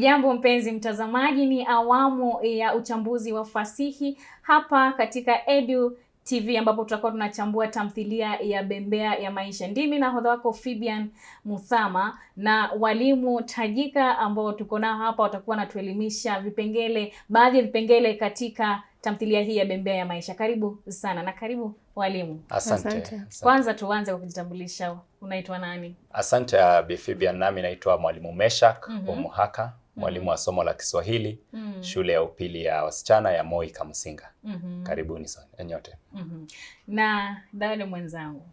Ujambo mpenzi mtazamaji, ni awamu ya uchambuzi wa fasihi hapa katika Edu TV ambapo tutakuwa tunachambua tamthilia ya Bembea ya Maisha. Ndimi nahodha wako Fibian Muthama na walimu tajika ambao tuko nao hapa watakuwa wanatuelimisha vipengele, baadhi ya vipengele katika tamthilia hii ya Bembea ya Maisha. Karibu sana na karibu walimu. Asante. Asante. Kwanza tuanze kwa kujitambulisha, unaitwa nani? Asante Bifibian, nami naitwa Mwalimu Meshak mm -hmm. Umuhaka mwalimu mm-hmm. wa somo la Kiswahili mm. shule ya upili ya wasichana ya Moi Kamsinga. mm -hmm. Karibuni sana eh, nyote. mm -hmm. na Daule mwenzangu,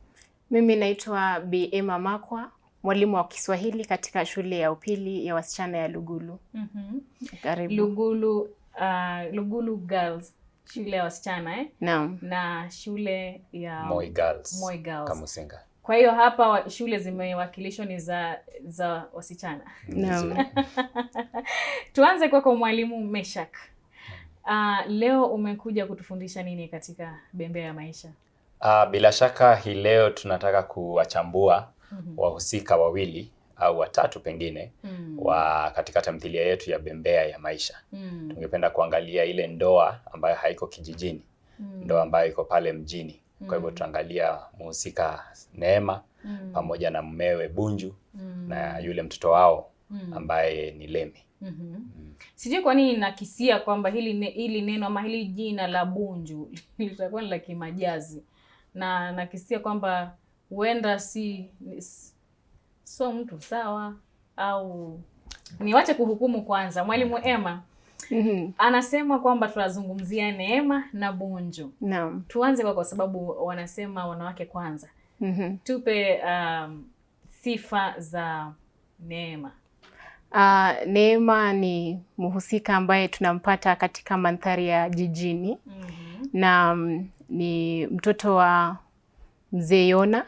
mimi naitwa Bi Emma Makwa, mwalimu wa Kiswahili katika shule ya upili ya wasichana ya Lugulu. mm -hmm. Karibu. Lugulu, uh, Lugulu Girls shule ya wasichana eh? Naam. na shule ya Moi Girls. Moi Girls. Kamsinga kwa hiyo hapa wa, shule zimewakilishwa ni za za wasichana no. Tuanze kwako Mwalimu Meshak. Uh, leo umekuja kutufundisha nini katika Bembea ya Maisha? Uh, bila shaka hii leo tunataka kuwachambua mm -hmm. wahusika wawili au watatu pengine mm. wa katika tamthilia yetu ya Bembea ya Maisha mm. Tungependa kuangalia ile ndoa ambayo haiko kijijini mm. ndoa ambayo iko pale mjini kwa hivyo mm. tutaangalia muhusika Neema mm. pamoja na mmewe Bunju mm. na yule mtoto wao mm. ambaye ni Lemi. Mm -hmm. mm. Sijui kwa nini nakisia kwamba hili, ne, hili neno ama hili jina la Bunju litakuwa ni la kimajazi na nakisia kwamba huenda si so mtu sawa au niwache kuhukumu kwanza. Mwalimu Emma mm -hmm. Anasema kwamba tunazungumzia neema na bunju. Naam. Tuanze kwa, kwa sababu wanasema wanawake kwanza. mm -hmm. Tupe um, sifa za neema. Uh, Neema ni mhusika ambaye tunampata katika mandhari ya jijini. mm -hmm. na um, ni mtoto wa mzee Yona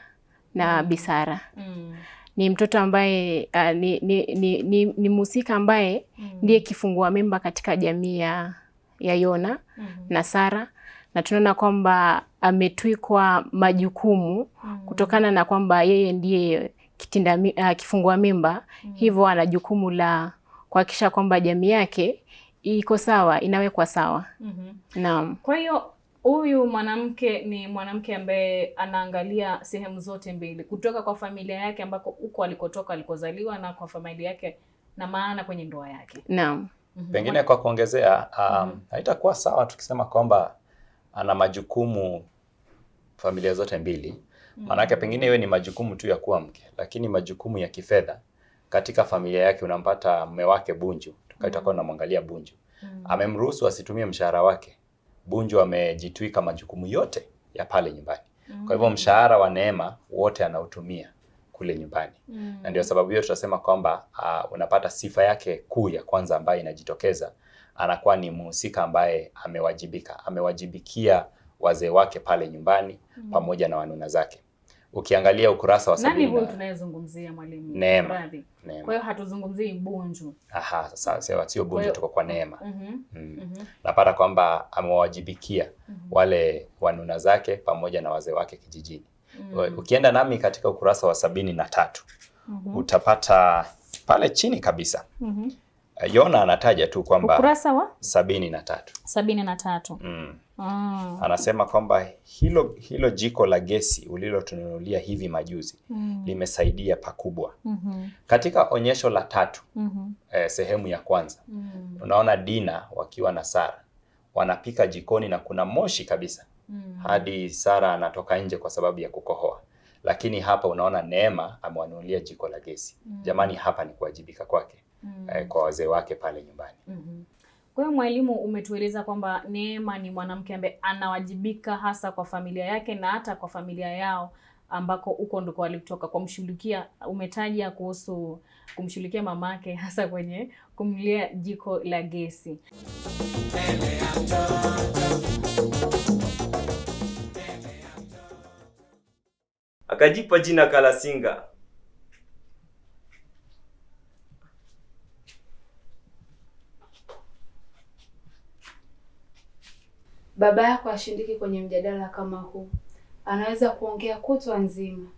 na mm -hmm. Bisara. mm -hmm ni mtoto ambaye uh, ni, ni, ni, ni, ni mhusika ambaye mm. ndiye kifungua mimba katika jamii ya, ya Yona mm. na Sara na tunaona kwamba ametwikwa majukumu mm. kutokana na kwamba yeye ndiye kitinda, uh, kifungua mimba mm. hivyo ana jukumu la kuhakikisha kwamba jamii yake iko sawa, inawekwa sawa mm -hmm. Naam. Kwa hiyo Huyu mwanamke ni mwanamke ambaye anaangalia sehemu zote mbili, kutoka kwa familia yake ambako huko alikotoka alikozaliwa, na kwa familia yake na maana kwenye ndoa yake. Naam. Mm -hmm. Pengine kwa kuongezea, um, mm -hmm. haitakuwa sawa tukisema kwamba ana majukumu familia zote mbili. Mm -hmm. Maanake pengine iwe ni majukumu tu ya kuwa mke, lakini majukumu ya kifedha katika familia yake unampata mme wake Bunju, tukaita mm -hmm. namwangalia Bunju. Mm -hmm. Amemruhusu asitumie mshahara wake Bunju amejitwika majukumu yote ya pale nyumbani. Mm. Kwa hivyo mm. mshahara wa Neema wote anautumia kule nyumbani. Mm. Na ndio sababu hiyo tutasema kwamba uh, unapata sifa yake kuu ya kwanza ambayo inajitokeza anakuwa ni mhusika ambaye amewajibika, amewajibikia wazee wake pale nyumbani mm. pamoja na wanuna zake ukiangalia ukurasa wa sabini. Nani huyu tunayezungumzia mwalimu? Neema. Neema. Kwa hiyo hatuzungumzii Mbunju. Aha, sasa sawa, sio Mbunju tuko kwa Neema. Mhm. Mm mm. mm Napata kwamba amewawajibikia mm -hmm. wale wanuna zake pamoja na wazee wake kijijini. Mm -hmm. Ukienda nami katika ukurasa wa sabini na tatu mm -hmm. utapata pale chini kabisa mm Eh, Yona anataja tu kwamba ukurasa wa sabini na tatu sabini na tatu mm. mm. anasema kwamba hilo, hilo jiko la gesi ulilotununulia hivi majuzi mm. limesaidia pakubwa mm -hmm. katika onyesho la tatu mm -hmm. eh, sehemu ya kwanza mm. unaona Dina wakiwa na Sara wanapika jikoni na kuna moshi kabisa mm. hadi Sara anatoka nje kwa sababu ya kukohoa lakini hapa unaona Neema amewanunulia jiko la gesi mm. jamani, hapa ni kuwajibika kwake mm eh, kwa wazee wake pale nyumbani mm -hmm. Kwa hiyo mwalimu, umetueleza kwamba Neema ni mwanamke ambaye anawajibika hasa kwa familia yake na hata kwa familia yao ambako huko ndiko walitoka, kwa mshughulikia. Umetaja kuhusu kumshughulikia mamake hasa kwenye kumlia jiko la gesi. Akajipa jina Kalasinga Baba yako ashindiki kwenye mjadala kama huu, anaweza kuongea kutwa nzima.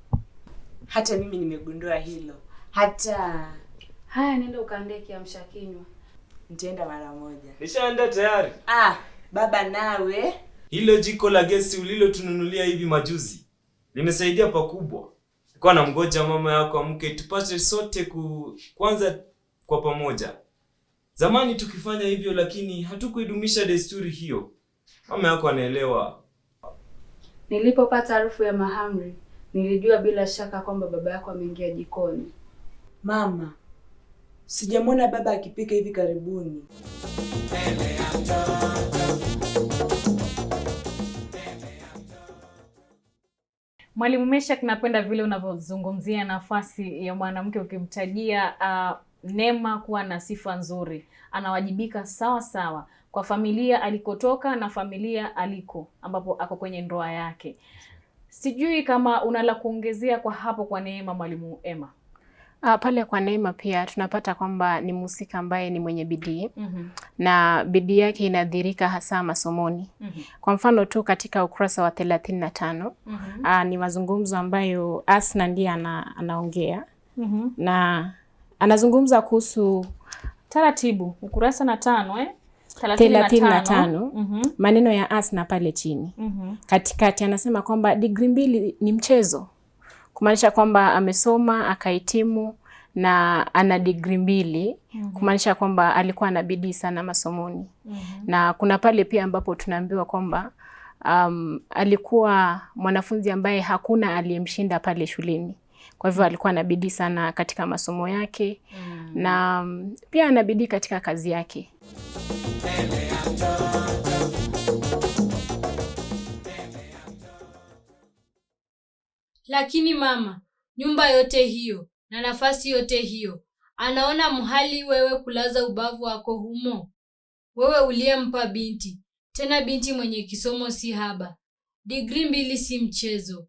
Hata mimi nimegundua hilo. Hata haya, nenda ukaandae kiamsha kinywa. Nitaenda mara moja. Nishaenda tayari. Ah, baba nawe. Hilo jiko la gesi ulilotununulia hivi majuzi limesaidia pakubwa. na mgoja mama yako amke tupate sote ku, kwanza kwa pamoja. Zamani tukifanya hivyo, lakini hatukuidumisha desturi hiyo. Mama yako anaelewa. Nilipopata harufu ya mahamri, nilijua bila shaka kwamba baba yako ameingia jikoni. Mama, sijamwona baba akipika hivi karibuni. Mwalimu Meshack, napenda vile unavyozungumzia nafasi ya mwanamke ukimtajia uh, Neema kuwa na sifa nzuri, anawajibika sawa sawa kwa familia alikotoka na familia aliko ambapo ako kwenye ndoa yake. Sijui kama unala kuongezea kwa hapo kwa Neema, mwalimu Emma. Uh, pale kwa Neema pia tunapata kwamba ni mhusika ambaye ni mwenye bidii mm -hmm. na bidii yake inadhirika hasa masomoni mm -hmm. Kwa mfano tu katika ukurasa wa thelathini na tano mm -hmm. uh, ni mazungumzo ambayo Asna ndiye ana, anaongea mm -hmm. na anazungumza kuhusu taratibu ukurasa na tano eh? thelathini na tano mhm. maneno ya asna pale chini mm -hmm. katikati anasema kwamba digri mbili ni mchezo, kumaanisha kwamba amesoma akahitimu na ana digri mbili mm -hmm. kumaanisha kwamba alikuwa ana bidii sana masomoni mm -hmm. na kuna pale pia ambapo tunaambiwa kwamba um, alikuwa mwanafunzi ambaye hakuna aliyemshinda pale shuleni kwa hivyo alikuwa na bidii sana katika masomo yake mm. na um, pia ana bidii katika kazi yake. Lakini mama, nyumba yote hiyo na nafasi yote hiyo, anaona mhali wewe kulaza ubavu wako humo? Wewe uliyempa binti, tena binti mwenye kisomo si haba, digri mbili si mchezo.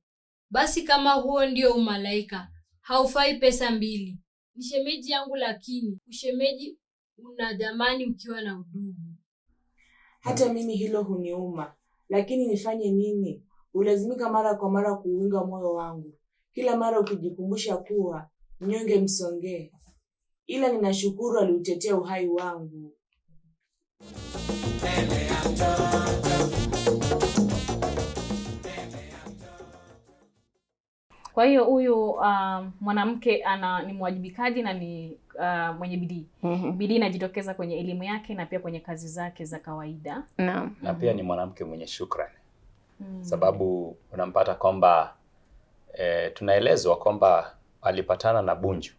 Basi kama huo ndio umalaika, haufai pesa mbili. Ni shemeji yangu, lakini ushemeji una dhamani ukiwa na udugu. Hata mimi hilo huniuma, lakini nifanye nini? ulazimika mara kwa mara kuunga moyo wangu, kila mara ukijikumbusha kuwa mnyonge msongee, ila ninashukuru aliutetea uhai wangu. Kwa hiyo huyu uh, mwanamke ana ni mwajibikaji na ni uh, mwenye bidii. mm -hmm. Bidii inajitokeza kwenye elimu yake na pia kwenye kazi zake za kawaida. Naam. Na pia ni mwanamke mwenye shukrani mm. Sababu unampata kwamba e, tunaelezwa kwamba alipatana na Bunju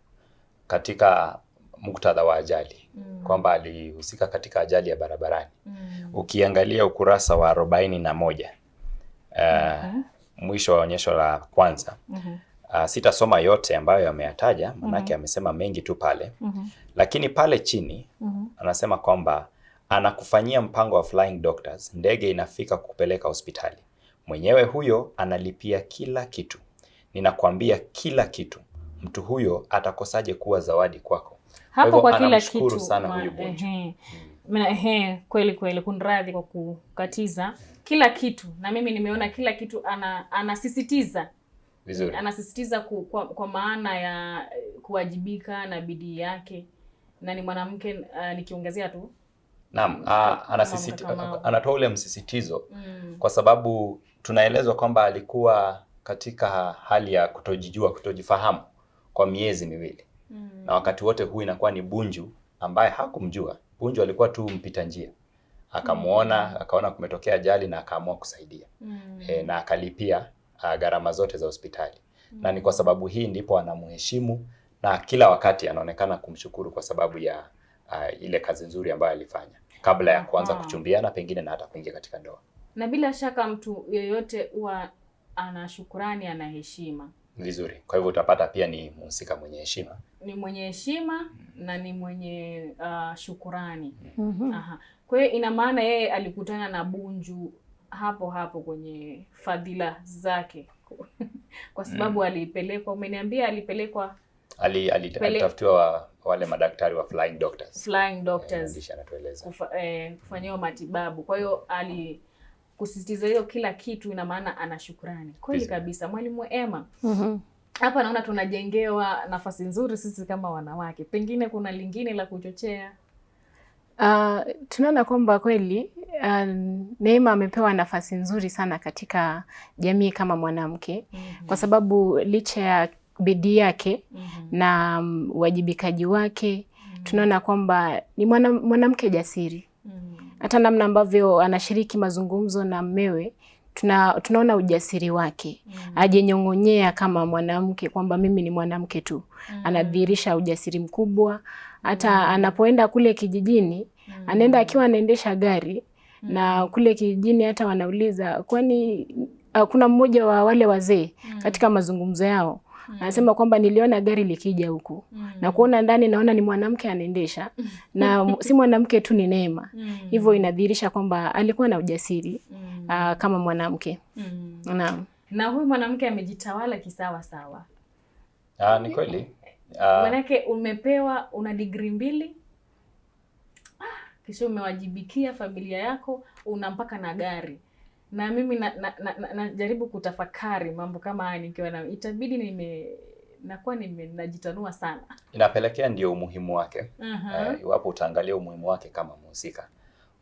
katika muktadha wa ajali mm. kwamba alihusika katika ajali ya barabarani mm. Ukiangalia ukurasa wa arobaini na moja uh, eh, okay. Mwisho wa onyesho la kwanza mm -hmm. Uh, sitasoma yote ambayo ameyataja manake mm -hmm. amesema mengi tu pale mm -hmm. Lakini pale chini mm -hmm. anasema kwamba anakufanyia mpango wa Flying Doctors, ndege inafika kukupeleka hospitali Mwenyewe huyo analipia kila kitu, ninakwambia kila kitu. Mtu huyo atakosaje kuwa zawadi kwako? Hapo kwa kila kitu sana huyu Mina, hmm. Ehe, kweli kweli, kunradhi kwa kukatiza. Kila kitu na mimi nimeona kila kitu ana, anasisitiza vizuri, anasisitiza ku, kwa, kwa maana ya kuwajibika na bidii yake, na ni mwanamke uh, nikiongezea tu Naam, ah, anatoa ule msisitizo mm. kwa sababu tunaelezwa kwamba alikuwa katika hali ya kutojijua, kutojifahamu kwa miezi miwili mm. na wakati wote huu inakuwa ni Bunju ambaye hakumjua. Bunju alikuwa tu mpita njia, akamwona mm. akaona kumetokea ajali na akaamua kusaidia mm. e, na akalipia ah, gharama zote za hospitali mm. na ni kwa mm. sababu hii ndipo anamheshimu na kila wakati anaonekana kumshukuru kwa sababu ya uh, ile kazi nzuri ambayo alifanya kabla ya kuanza ah. kuchumbiana pengine na hata kuingia katika ndoa. Na bila shaka mtu yeyote huwa ana shukurani, ana heshima vizuri. Kwa hivyo utapata pia ni mhusika mwenye heshima, ni mwenye heshima hmm. na ni mwenye uh, shukurani mm -hmm. Kwa hiyo ina maana yeye alikutana na Bunju hapo hapo kwenye fadhila zake kwa sababu mm. alipelekwa, umeniambia alipelekwa, ali, ali, alitafutiwa wale madaktari wa flying doctors, flying eh, doctors e, kufa, eh, kufanyiwa matibabu. Kwa hiyo ali kusisitiza hiyo kila kitu, ina maana ana shukrani kweli kabisa, mwalimu Emma. mm-hmm. Hapa naona tunajengewa nafasi nzuri sisi kama wanawake, pengine kuna lingine la kuchochea. Uh, tunaona kwamba kweli uh, Neema amepewa nafasi nzuri sana katika jamii kama mwanamke mm -hmm. Kwa sababu licha ya bidii yake mhm. mm -hmm. na uwajibikaji wake mm -hmm. tunaona kwamba ni mwanamke mwana jasiri mhm. hata mm -hmm. namna ambavyo anashiriki mazungumzo na mmewe tuna, tunaona ujasiri wake mm -hmm. ajenyong'onyea kama mwanamke kwamba mimi ni mwanamke tu mm -hmm. anadhihirisha ujasiri mkubwa hata mm -hmm. anapoenda kule kijijini mm -hmm. anaenda akiwa anaendesha gari mm -hmm. na mhm. kule kijijini hata wanauliza kwani ah, kuna mmoja wa wale wazee mm. katika mazungumzo yao mm Mm. anasema kwamba niliona gari likija huku mm. na kuona ndani, naona ni mwanamke anaendesha na si mwanamke tu, ni Neema. Mm. Hivyo inadhihirisha kwamba alikuwa na ujasiri uh, kama mwanamke mm. Na huyu mwanamke amejitawala kisawa sawa. Ah, ni kweli. Ah. Manake umepewa una digri mbili ah, kisha umewajibikia familia yako, una mpaka na gari na mimi najaribu na, na, na, na kutafakari mambo kama haya nikiwa na itabidi nime nakuwa najitanua sana, inapelekea ndio umuhimu wake. Uh, iwapo utaangalia umuhimu wake kama mhusika,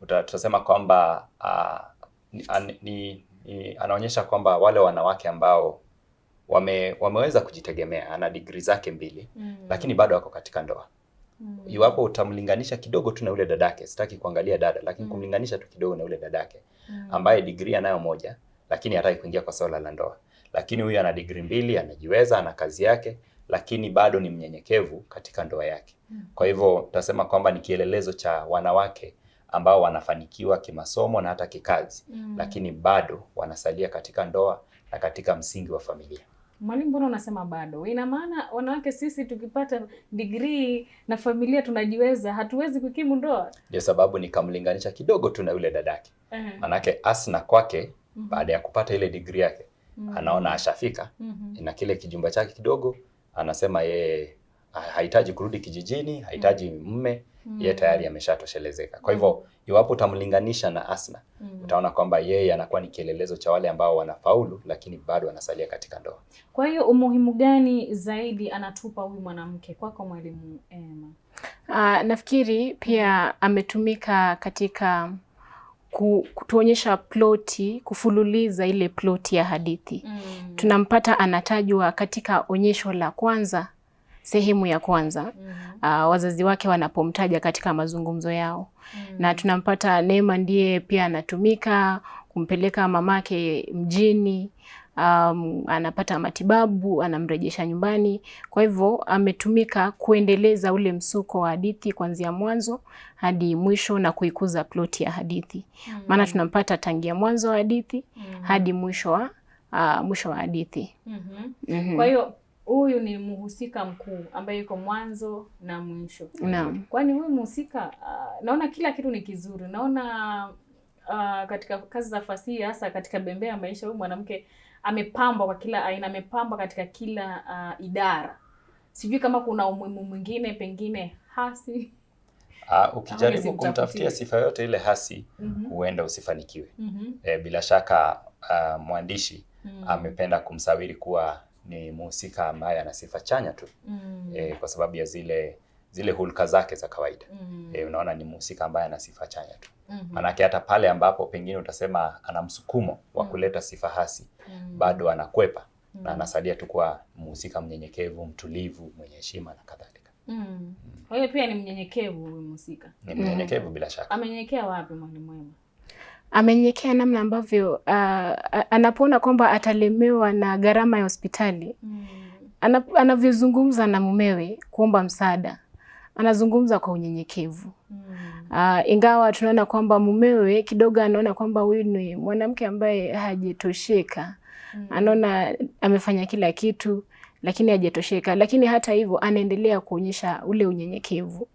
tutasema kwamba uh, ni, ni, anaonyesha kwamba wale wanawake ambao wame, wameweza kujitegemea, ana digri zake mbili mm, lakini bado wako katika ndoa mm. Iwapo utamlinganisha kidogo tu na ule dadake, sitaki kuangalia dada, lakini mm, kumlinganisha tu kidogo na ule dadake Mm. ambaye degree anayo moja, lakini hataki kuingia kwa swala la ndoa. Lakini huyu ana degree mbili, anajiweza, ana kazi yake, lakini bado ni mnyenyekevu katika ndoa yake. Mm. Kwa hivyo tutasema kwamba ni kielelezo cha wanawake ambao wanafanikiwa kimasomo na hata kikazi, mm. lakini bado wanasalia katika ndoa na katika msingi wa familia. Mwalimu, mbona unasema bado? Ina maana wanawake sisi tukipata degree na familia tunajiweza, hatuwezi kukimu ndoa? Ndio sababu nikamlinganisha kidogo tu na yule dadake. uh -huh. Manake Asna kwake uh mhm. -huh. baada ya kupata ile degree yake uh mhm. -huh. anaona ashafika uh mhm. -huh. na kile kijumba chake kidogo, anasema yeye ah, hahitaji kurudi kijijini, hahitaji mme mm -hmm mm. yeye tayari ameshatoshelezeka. Kwa hivyo iwapo utamlinganisha na Asna mm. utaona kwamba yeye anakuwa ni kielelezo cha wale ambao wanafaulu lakini bado wanasalia katika ndoa. Kwa hiyo umuhimu gani zaidi anatupa huyu mwanamke kwako, mwalimu Emma? Uh, nafikiri pia mm. ametumika katika kutuonyesha ploti, kufululiza ile ploti ya hadithi mm. Tunampata anatajwa katika onyesho la kwanza Sehemu ya kwanza mm -hmm. uh, wazazi wake wanapomtaja katika mazungumzo yao mm -hmm. na tunampata Neema ndiye pia anatumika kumpeleka mamake mjini um, anapata matibabu, anamrejesha nyumbani. Kwa hivyo ametumika kuendeleza ule msuko wa hadithi kuanzia mwanzo hadi mwisho na kuikuza ploti ya hadithi mm-hmm. maana mm -hmm. tunampata tangia mwanzo wa hadithi mm -hmm. hadi mwisho wa uh, mwisho wa hadithi mm -hmm. mm -hmm. kwa hiyo huyu ni mhusika mkuu ambaye yuko mwanzo na mwisho. Naam. Kwani huyu mhusika uh, ah, naona kila kitu ni kizuri. Naona uh, katika kazi za fasihi hasa katika Bembea ya Maisha huyu mwanamke amepambwa kwa kila aina, amepambwa katika kila uh, idara. Sijui kama kuna umuhimu mwingine pengine hasi Uh, ukijaribu kumtafutia sifa yote ile hasi mm huenda -hmm. usifanikiwe. mm -hmm. E, bila shaka uh, mwandishi mm -hmm. amependa kumsawiri kuwa ni mhusika ambaye ana sifa chanya tu mm. E, kwa sababu ya zile zile hulka zake za kawaida mm. E, unaona ni mhusika ambaye ana sifa chanya tu mm -hmm. Manake hata pale ambapo pengine utasema ana msukumo wa mm. kuleta sifa hasi mm. bado anakwepa mm. na anasalia tu kuwa mhusika mnyenyekevu, mtulivu, mwenye heshima na kadhalika mm. mm. Kwa hiyo pia ni mnyenyekevu huyu mhusika, ni mnyenyekevu mm. bila shaka. Amenyenyekea wapi Mwalimu Wema? amenyekea namna ambavyo uh, anapoona kwamba atalemewa na gharama ya hospitali mm. anavyozungumza na mumewe kuomba msaada, anazungumza kwa unyenyekevu mm. Uh, ingawa tunaona kwamba mumewe kidogo anaona kwamba huyu ni mwanamke ambaye hajitosheka mm. Anaona amefanya kila kitu lakini hajatosheka, lakini hata hivyo anaendelea kuonyesha ule unyenyekevu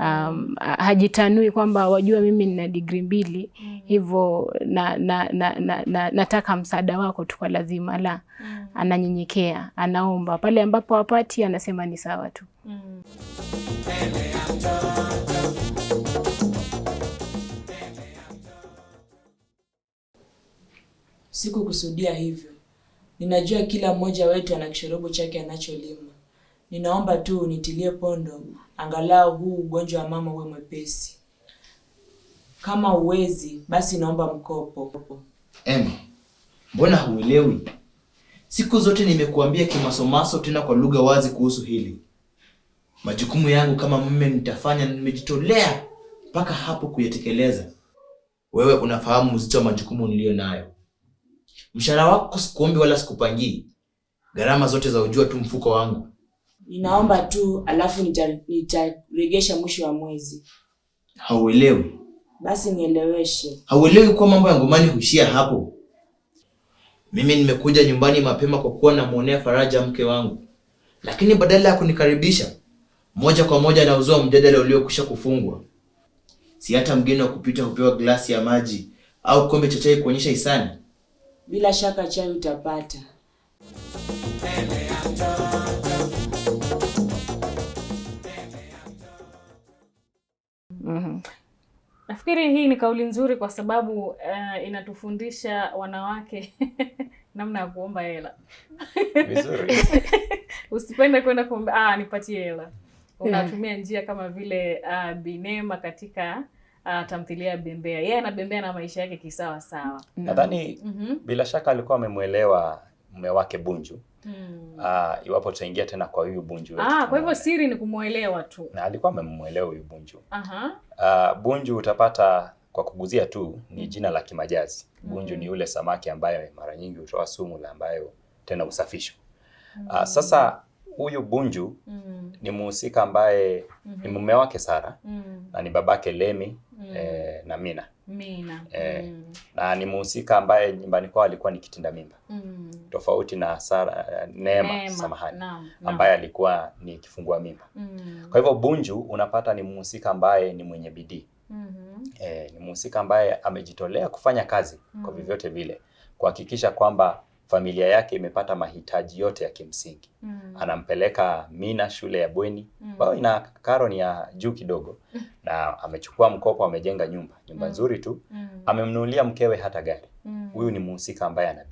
um, hajitanui kwamba wajua, mimi nina digri mbili mm. hivyo na, na, na, na, na, nataka msaada wako tu kwa lazima la. Mm. Ananyenyekea, anaomba pale ambapo hapati, anasema ni sawa tu. Mm. Sikukusudia hivyo. Ninajua kila mmoja wetu ana kishorobo chake anacholima. Ninaomba tu unitilie pondo angalau huu ugonjwa wa mama uwe mwepesi. Kama uwezi, basi naomba mkopo. Emma, mbona huelewi? Siku zote nimekuambia kimasomaso, tena kwa lugha wazi kuhusu hili. Majukumu yangu kama mume nitafanya, nimejitolea mpaka hapo kuyatekeleza. Wewe unafahamu uzito wa majukumu niliyo nayo. Mshahara wako sikuombi wala sikupangii, gharama zote za ujua tu mfuko wangu ninaomba tu, alafu nitaregesha mwisho wa mwezi. Hauelewi? Basi nieleweshe. Hauelewi kuwa mambo ya ngomani huishia hapo? Mimi nimekuja nyumbani mapema kwa kuwa namwonea faraja mke wangu, lakini badala ya kunikaribisha moja kwa moja anauzua mjadala uliokwisha kufungwa. Si hata mgeni wa kupita hupewa glasi ya maji au kombe cha chai kuonyesha hisani? Bila shaka chai utapata. nafkiri -hmm. Nafikiri hii ni kauli nzuri kwa sababu uh, inatufundisha wanawake namna ya kuomba hela. Vizuri. Usipende kwenda kuomba, ah, nipatie hela. Unatumia yeah, njia kama vile uh, ah, Binema katika uh, tamthilia ya Bembea. Yeye yeah, anabembea na maisha yake kisawa sawa. Mm. Nadhani mm -hmm. bila shaka alikuwa amemwelewa mume wake Bunju. Mm. Uh, iwapo tutaingia tena kwa huyu Bunju wetu. Ah, kwa hivyo siri ni kumuelewa tu. Na alikuwa amemuelewa huyu Bunju. Aha. Uh, Bunju utapata kwa kuguzia tu ni hmm. jina la kimajazi. Bunju ni hmm. yule samaki ambaye mara nyingi hutoa sumu la ambayo tena usafisho. Ah, mm. Uh, sasa huyu Bunju mm. ni muhusika ambaye mm -hmm. ni mume wake Sara mm. na ni babake Lemi mm. eh, na Mina. Mina. Eh, mm. na ni mhusika ambaye nyumbani kwao alikuwa ni kitinda mimba. Mm tofauti na Sara, eh, Neema Neema, samahani, ambaye alikuwa ni kifungua mimba mm. Kwa hivyo Bunju unapata ni mhusika ambaye ni mwenye bidii mm -hmm. E, ni mhusika ambaye amejitolea kufanya kazi mm kwa vyovyote vile kuhakikisha kwamba familia yake imepata mahitaji yote ya kimsingi mm Anampeleka Mina shule ya bweni ambayo mm -hmm. ina karo ni ya juu kidogo na amechukua mkopo, amejenga nyumba nyumba mm. nzuri mm. tu mm Amemnunulia mkewe hata gari mm. huyu mm. ni mhusika ambaye ana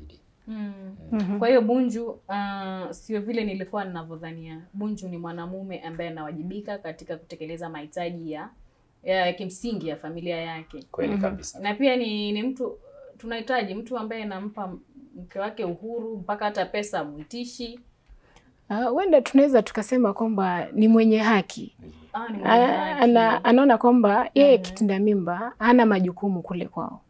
Mm. Mhm. Kwa hiyo Bunju uh, sio vile nilikuwa ninavyodhania. Bunju ni mwanamume ambaye anawajibika katika kutekeleza mahitaji ya, ya kimsingi ya familia yake. Kweli mhm. kabisa. Na pia ni, ni mtu tunahitaji mtu ambaye anampa mke wake uhuru mpaka hata pesa mwitishi ah, Huenda uh, tunaweza tukasema kwamba ni mwenye haki. Ah, ah Ana, anaona kwamba yeye mhm. kitinda mimba hana majukumu kule kwao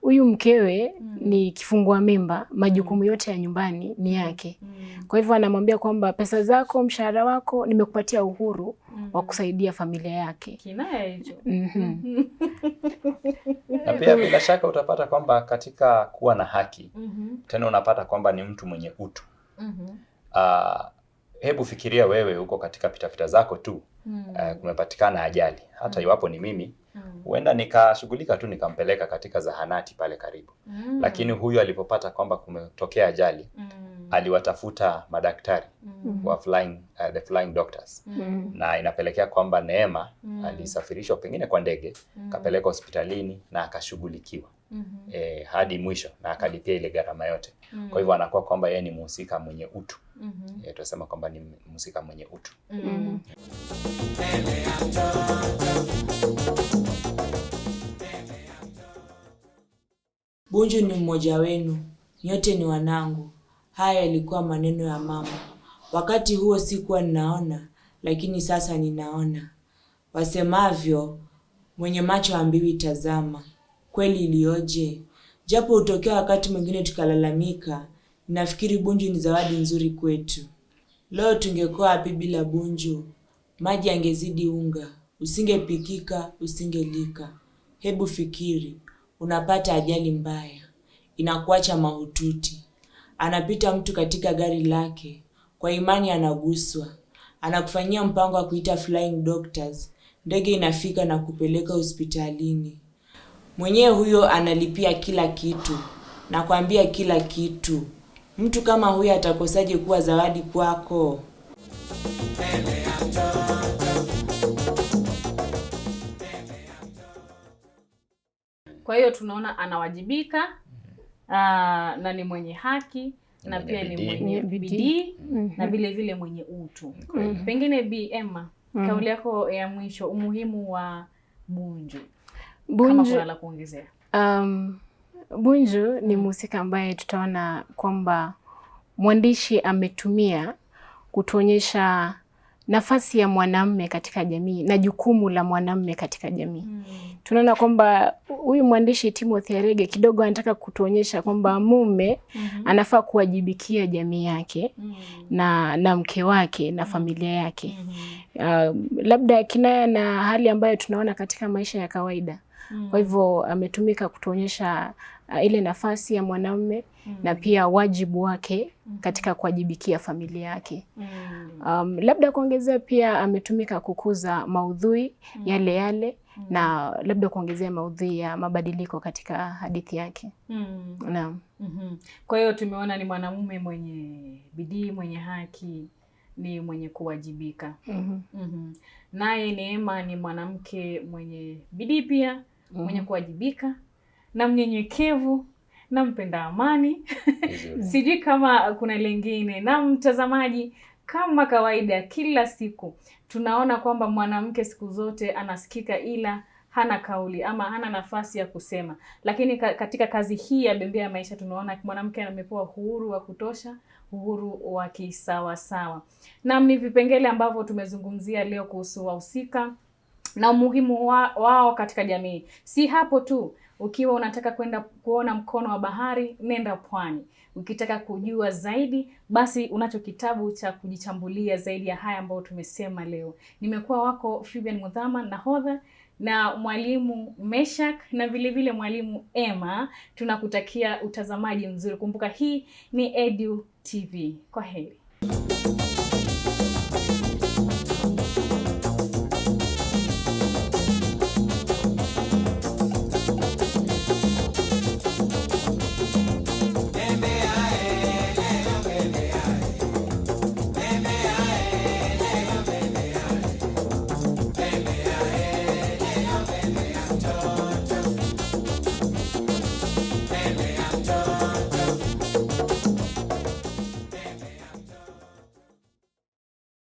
huyu mkewe mm. ni kifungua mimba, majukumu mm. yote ya nyumbani ni yake mm. kwa hivyo anamwambia kwamba pesa zako, mshahara wako nimekupatia uhuru mm. wa kusaidia familia yake. mm -hmm. na pia bila shaka utapata kwamba katika kuwa na haki mm -hmm. tena unapata kwamba ni mtu mwenye utu mm -hmm. Uh, hebu fikiria wewe uko katika pitapita zako tu mm. Uh, kumepatikana ajali hata mm. iwapo ni mimi Mm. huenda nikashughulika tu nikampeleka katika zahanati pale karibu mm. Lakini huyu alipopata kwamba kumetokea ajali mm. aliwatafuta madaktari mm. wa flying, uh, the flying doctors mm. na inapelekea kwamba Neema mm. alisafirishwa pengine kwa ndege mm. kapeleka hospitalini na akashughulikiwa mm -hmm. E, hadi mwisho na akalipia ile gharama yote mm -hmm. Kwa hivyo anakuwa kwamba yeye ni mhusika mm-hmm. eh, mwenye utu mm -hmm. tunasema kwamba ni mhusika mwenye utu mm -hmm. Bunju ni mmoja wenu, nyote ni wanangu. Haya yalikuwa maneno ya mama. Wakati huo sikuwa ninaona, lakini sasa ninaona. Wasemavyo, mwenye macho ambiwi tazama. Kweli iliyoje! Japo hutokea wakati mwingine tukalalamika, nafikiri Bunju ni zawadi nzuri kwetu. Leo tungekuwa wapi bila Bunju? Maji angezidi unga, usingepikika, usingelika. Hebu fikiri, unapata ajali mbaya, inakuacha mahututi. Anapita mtu katika gari lake, kwa imani anaguswa, anakufanyia mpango wa kuita flying doctors. Ndege inafika na kupeleka hospitalini. Mwenyewe huyo analipia kila kitu, nakwambia kila kitu. Mtu kama huyo atakosaje kuwa zawadi kwako? Kwa hiyo tunaona anawajibika uh, na ni mwenye haki na mwenye pia ni mwenye bidii mm -hmm. na vile vile mwenye utu mm -hmm. Pengine b Emma, mm -hmm. kauli yako ya mwisho, umuhimu wa Bunju, Bunju la kuongezea. Um, Bunju ni mhusika ambaye tutaona kwamba mwandishi ametumia kutuonyesha nafasi ya mwanamme katika jamii na jukumu la mwanamme katika jamii mm. Tunaona kwamba huyu mwandishi Timothy Arege kidogo anataka kutuonyesha kwamba mume mm -hmm. anafaa kuwajibikia jamii yake mm -hmm. na, na mke wake na familia yake mm -hmm. uh, labda kinaya na hali ambayo tunaona katika maisha ya kawaida mm. Kwa hivyo ametumika kutuonyesha uh, ile nafasi ya mwanaume mm. na pia wajibu wake mm. katika kuwajibikia familia yake mm. um, labda kuongezea pia ametumika kukuza maudhui mm. yale yale mm. na labda kuongezea maudhui ya mabadiliko katika hadithi yake mm. naam. mm -hmm. Kwa hiyo tumeona ni mwanamume mwenye bidii, mwenye haki ni mwenye kuwajibika. mm -hmm. mm -hmm. Naye Neema ni mwanamke mwenye bidii pia, mm -hmm. mwenye mm-hmm. kuwajibika na mnyenyekevu na mpenda amani sijui kama kuna lingine. Na mtazamaji, kama kawaida, kila siku tunaona kwamba mwanamke siku zote anasikika ila hana kauli ama hana nafasi ya kusema, lakini katika kazi hii ya Bembea ya Maisha tunaona mwanamke amepewa uhuru wa kutosha, uhuru wa kisawasawa. nam ni vipengele ambavyo tumezungumzia leo kuhusu wahusika na umuhimu wao katika jamii. Si hapo tu, ukiwa unataka kwenda kuona mkono wa bahari, nenda pwani. Ukitaka kujua zaidi, basi unacho kitabu cha kujichambulia zaidi ya haya ambayo tumesema leo. Nimekuwa wako Fibian Mudhama, nahodha na mwalimu Meshak na vile vile mwalimu Emma. Tunakutakia utazamaji mzuri. Kumbuka hii ni Edu TV. Kwa heri.